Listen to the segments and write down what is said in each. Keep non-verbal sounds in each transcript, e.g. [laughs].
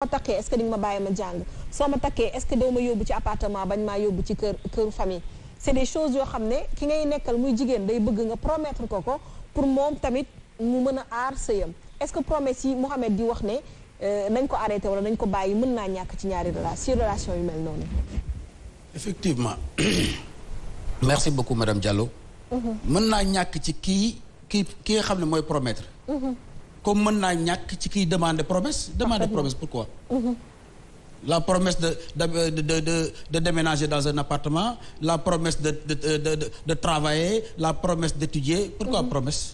soo ma takkee est que di nga ma bàyyi ma jàng soo ma takkee est-ce que doo ma yóbbu ci appartement bañ maa yóbbu ci kër këru famille c'est des choses yoo xam ne ki ngay nekkal muy jigéen day bëgg nga promettre ko ko pour moom tamit mu mën a aar sëyam est-ce que promesse yi Mouhamed di wax ne euh, nañ ko arrêté wala nañ ko bàyyi mën naa ñàkk ci ñaari relation ci relation yu mel noonu. effectivement. [coughs] merci beaucoup madame Diallo. Mm-hmm. mën naa ñàkk ci kii kii ki nga xam ne mooy promettre. Mm-hmm. comme mën naa ñàkk ci kiy demande promesse demander promesse pourquoi mm-hmm. la promesse de de de de de déménager dans un appartement la promesse de de de de, de travailler la promesse d'étudier pourquoi mm-hmm. promesse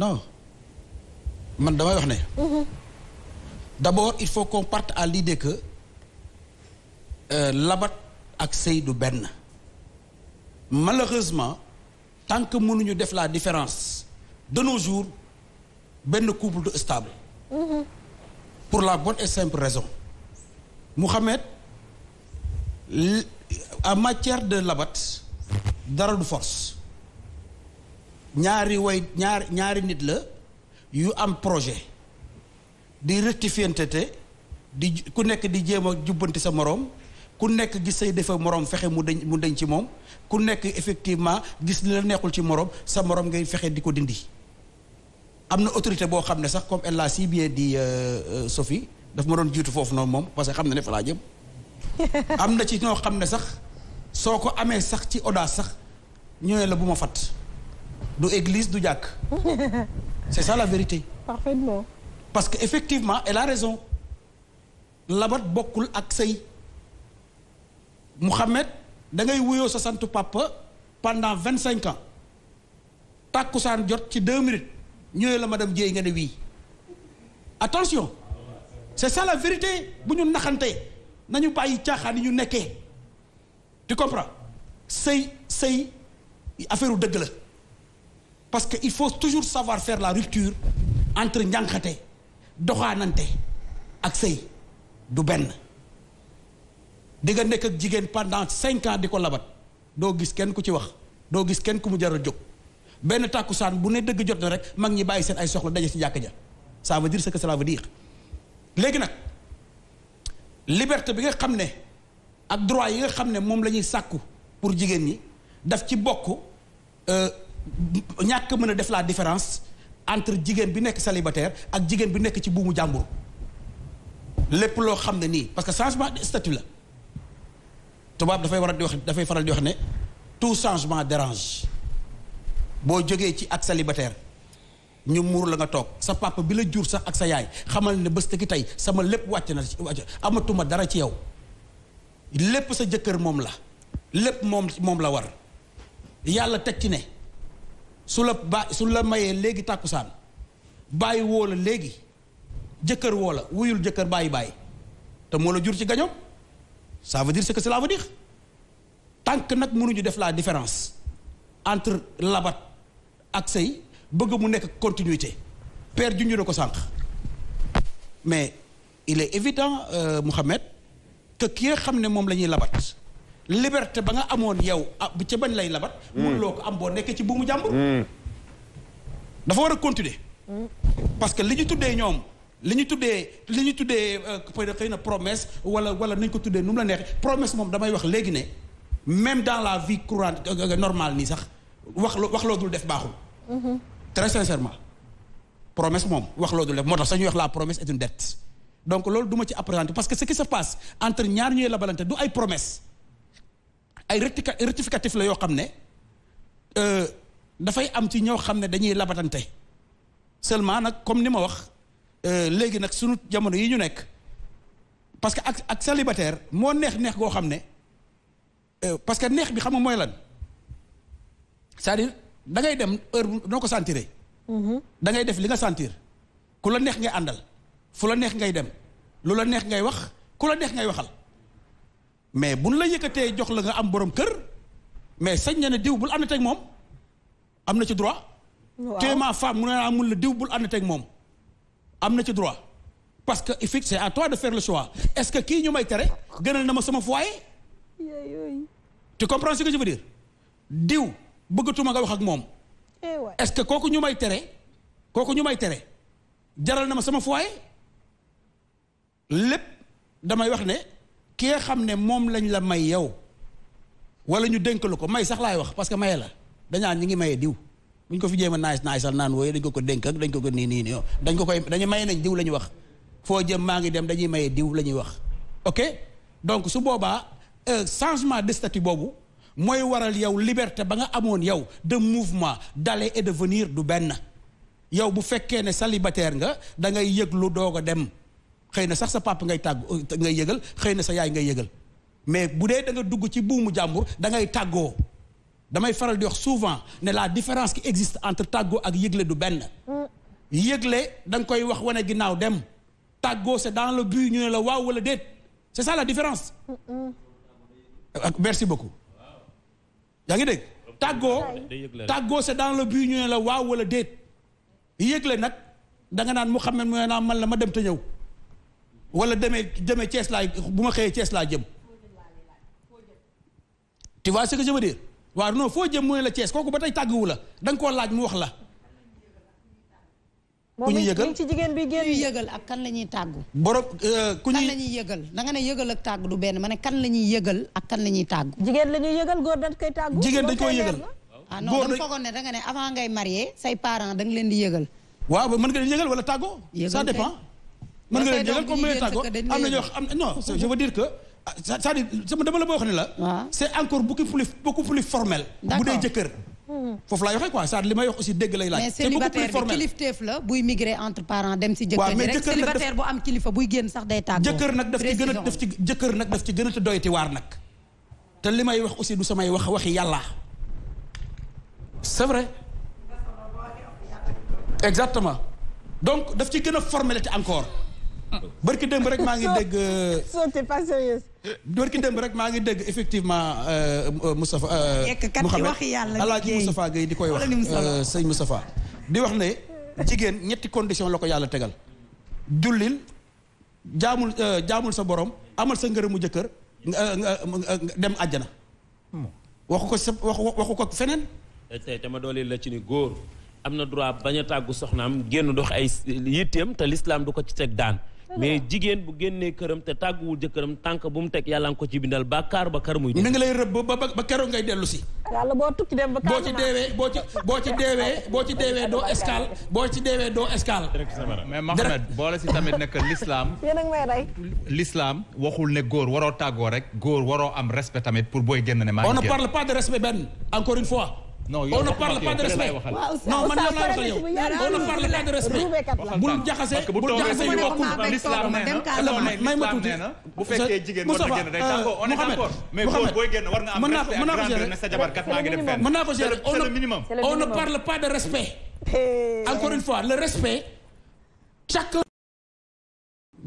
non man damay wax ne. Mm-hmm. d'abord il faut qu'on parte à l'idée que euh, labat ak sëy du benn malheureusement tant que mënuñu def la différence de nos jours. benn couple du stable. Mm-hmm. pour la bonne et simple raison. Mouhamed en matière de labat dara du force ñaari way ñaari ñaari nit la yu am projet di rectifiantete di ku nekk di jéem a jubbanti sa moroom ku nekk gis say defe moroom fexe mu deñ mu deñ ci moom ku nekk effectivement gis li la neexul ci moroom sa moroom ngay fexe di ko dindi am na autorité boo xam ne sax comme elle l'a si di dit euh, euh, Sophie daf ma doon jiitu foofu noonu moom parce que xam na ne fa laa jëm [laughs] am na ci ñoo xam ne sax soo ko amee sax ci audace sax ñu ne la bu ma fat du église du jàkk [laughs] c'est ça la vérité parfaitement parce que effectivement et a raison labat bokkul ak sëy Mouhamed da ngay wuyoo sa santu papa pendant vingt cinq ans tàkkusaan jot ci deux minutes ñëwee la madame Dieye nga ne wii attention c'est ça la vérité bu ñu naxante nañu bàyyi caaxaan yi ñu nekkee tu comprends sëy sëy affaire dëgg la parce que il faut toujours savoir faire la rupture entre njànqate doxaanante ak sëy du benn di nekk ak jigéen pendant cinq ans di ko labat doo gis kenn ku ci wax doo gis kenn ku mu jar jóg benn tàkku tàkkusaan bu ne dëgg jot na rek mag ñi bàyyi seen ay soxla daje si jàkk ja ça veut dire ce que cela léegi nag liberté bi nga xam ne ak droit yi nga xam ne moom la ñuy sàkku pour jigéen ñi daf ci bokk euh, ñàkk mën a def la différence entre jigéen bi nekk célibataire ak jigéen bi nekk ci buumu jàmbur lépp loo xam ne nii parce que changement de la tubaab dafay war a di wax dafay faral di wax ne tout changement dérange boo jógee ci ak sa célibataire ñu muur la nga toog sa papa bi la jur sax ak sa yaay xamal ne bés ki tey sama lépp wàcc na wàcc amatuma dara ci yow lépp sa jëkkër moom la lépp moom moom la war yàlla teg ci ne su la ba su la mayee léegi tàkkusaan bàyyi woo la léegi jëkkër woo la wuyul jëkkër bàyyi bàyyi te moo la jur ci gañoom saa veut dire ce que cela veut tant que nag mënuñu def laa différence entre labat ak sëy bëgg mu nekk continuité per junj na ko sànq mais il est évident euh, Mouhamed que ki nga xam ne moom la ñuy labat liberté ba nga amoon yow ah ca bañ lay labat. Hmm. loo ko am boo nekkee ci buumu jàmbur. Hmm. dafa war a continuer. Hmm. parce que li ñu tuddee ñoom li ñu tuddee li ñu tuddee euh, xëy na promesse wala wala nañ ko tuddee nu mu la neexee promesse moom damay wax léegi ne même dans la vie courante euh, euh, normal nii sax. wax wax loo def baaxul. Mm-hmm. très sincèrement promesse moom wax loo dul def moo tax sax ñuy wax la promesse est une dette donc loolu du ci appréhender parce que ce qui se passe entre ñaar ñuy labalante du ay promesse ay rectificatif la yoo xam ne euh, dafay am ci ñoo xam ne dañuy labatante seulement nag comme ni ma wax euh, léegi nag sunu jamono yi ñu nekk parce que ak ak célibataire moo neex neex goo xam ne euh, parce que neex bi xam nga mooy lan. c'est-à-dire da ngay dem heure noo ko sentiré mhm. da ngay def li nga sentir ku la neex ngay àndal fu la neex ngay dem lu la neex ngay wax ku la neex ngay waxal mais buñ la yëkkatee jox la nga am borom kër mais sañ na ne diw bul ànd teg moom am na ci droit. waaw téeméer mu ne naa la diw bul ànd teg moom am na ci droit. parce que il c'est à toi de faire le choix est-ce que kii ñu may tere gënal na ma sama foyer. tu comprends ce que je diw. bëggatuma nga wax ak moom. Eh est-ce que kooku ñu may tere kooku ñu may tere jaral na ma sama foyer lépp damay wax ne ki nga xam ne moom lañ la may yow wala ñu dénk ko may sax laay wax parce que maye la dañaa ñi ngi maye diw mu ñu ko fi jéem a naaj naajsal naan wooye dañ ko ko dénk ak dañ ko ko nii nii nii dañ ko koy dañu maye nañ diw la ñuy wax foo jëm maa ngi dem dañuy maye diw la ñuy wax ok donc su boobaa euh, changement de statut boobu. mooy waral yow liberté ba nga amoon yow de mouvement d'aller et de venir du benn yow bu fekkee ne célibataire nga da ngay yëg lu doog a dem xëy na sax sa papa ngay tàgg euh, ngay yëgal xëy na sa yaay ngay yëgal mais bu dee da nga dugg ci buumu jàmbur da ngay tàggoo damay faral di wax souvent ne la différence qui existe entre tàggoo ak yëgle du benn yëgle da danga koy wax wane ginnaaw dem tàggoo c'est dans le but ñu ne la waaw wala déet c'est ça la différence merci beaucoup yaa ngi dégg tàggoo tàggoo c'est dans le but ñu ne la waaw wala déet yëgle nag da nga naan Mouhamed mu ne naa man la ma dem te ñëw wala demee demee cees laay bu ma xëyee cees laa jëm tu vois ce que je veux foo jëm mu ne la cees kooku ba tey tàgguwu la da koo laaj mu wax la ku ñu yëgal ci jigéen bi génn yëgal ak kan la ñuy tàggu borom euh, ku ñuy kan la ñuy yëgal da nga ne yëgal ak tàggu du benn ma ne kan la ñuy yëgal ak kan la ñuy tàggu jigéen la ñuy yëgal góor dañ koy tàggu jigéen dañ koy yëgal ah non dama nga ne avant ngay marié say parents da nga leen di yëgal waaw mën nga leen yëgal wala tàggoo ça dépend mën nga leen yëgal comme leen tàggoo am na ñoo am non je veux dire que cest dire sama dama la boo xam ne la c'est encore beaucoup plus beaucoup plus formel bu dee jëkkër Mm-hmm. foofu laay waxee quoi ça li may wax aussi dégg lay laaj. mais célibataire bi kilifteef la buy migrer entre parents dem si jëkkër rek. célibataire bu am kilifa buy génn sax day tàggoo. jëkkër nag daf ci gën a daf ci jëkkër nag a te doy waar nag. te li may wax aussi du samay wax waxi yàlla c'est vrai. exactement donc daf ci gën a formalité encore. Ah. barki démb rek maa ngi dégg. soo euh, t'es [laughs] pas door ki démb rek maa ngi dégg effectivement euh, Moustapha euh, Mouhamed alaaji Moustapha Gueye di koy wax euh, sëñ Moustapha di wax ne jigéen ñetti condition la ko yàlla tegal jullil jaamul jaamul sa borom amal sa mu jëkkër dem àjjana waxu ko sa waxu ko feneen tey dama dooleel la ci ni góor am na droit bañ a tàggu soxnaam génn dox ay yitteem te lislaam du ko ci teg daan mais jigéen bu génnee këram te tàgguwul jëkkëram tànk bu mu teg yàlla nga ko ci bindal bàkkaar ba kar muy mi nga lay rëbb ba ba keroog ngay dellu si yàlla boo tukki ba boo ci deewee boo ci boo ci deewee boo ci deewee doo escale boo ci deewee doo escale mais Mohamed boole si tamit nekk lislaam [laughs] yéen a ngi waxul ne góor waroo tàggoo rek góor waroo am respect tamit pour booy génn ne maa on ne parle pas de respect benn encore une fois non on parle pas de respect. non jaxase bul jaxase yu bokkul l'islam may eh. ma tuuti. bu fekkee jigéen war na génn day tàngoo on est d'accord mais góor booy parle pas de respect. encore une fois le respect chaque.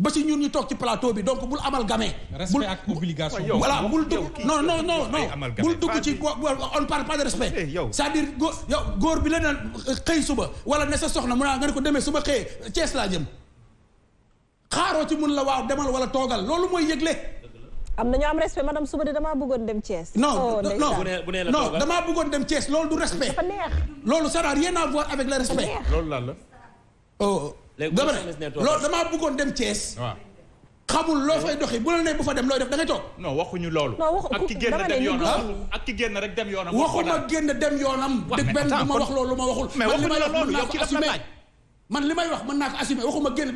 ba ci ñun ñu toog ci plateau bi donc bul amal gamee. respect ak obligation. voilà bul dugg non non non non bul dugg ci on parle pas de respect. Eh, c'est-à-dire góor yow bi la naan euh, xëy suba wala ne sa soxna mu naa ah, nga ne ko demee suba xëyee Cees laa jëm xaaroo ci mun la waaw demal wala toogal loolu mooy yëgle. am na ñu am respect madame suba de damaa bëggoon dem Thiès. non oh, non damaa bëggoon dem Thiès loolu du respect. dafa neex loolu ça n'a rien à voir avec le respect. loolu lan la. Oh, dama ne loolu damaa bëggoon dem Thiès. waaw xamul loo fay doxi bu la nee dem looy def da ngay toog. non waxuñu loolu. ak ki génn dem yoonam ak ki génn rek dem yoonam. waxuma génn dem yoonam. waaw mais attends wax loolu lu ma waxul. mais waxuñu la loolu yow ki daf la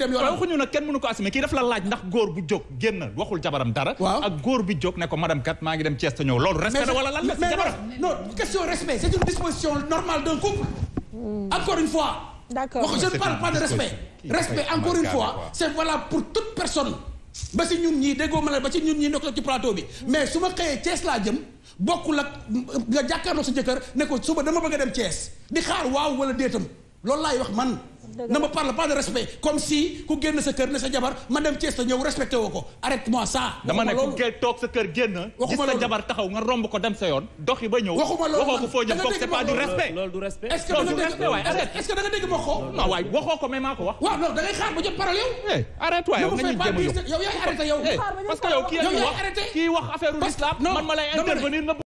dem yoonam. waxuñu kenn mënu ko assumer kii daf la laaj ndax góor bu jóg génn waaw ak góor bi jóg ne ko madame kat maa ngi dem Thiès te ñëw loolu. respect wala lan la si jabaram mais question respect c'est une disposition normale d'un couple hmm. encore une fois d'accord je ne parle pas de respect respect encore une fois c'est valable pour toute personne ba si ñun ñii déggoo ma la ba si ñun ñi nekk ci plateau bi mais su ma xëyee Thiès laa jëm bokkul ak nga jàkkaarloo sa jëkkër ne ko suba dama bëgg a dem cees di xaar waaw wala déetam loolu laay wax man ne me parle pas de respect comme si ku génn sa kër ne sa jabar ma dem Thiès ta ñëw respecté woo ko arrête moi ça. dama ne ku toog sa kër génn. waxuma sa jabar taxaw nga romb ko dem sa yoon. dox ba ñëw waxuma loolu waxoo xaar ba jot parole yow. Eh, arrête waay yow nañuy jéem a eh, kii wax affaire l'islam man ma lay intervenir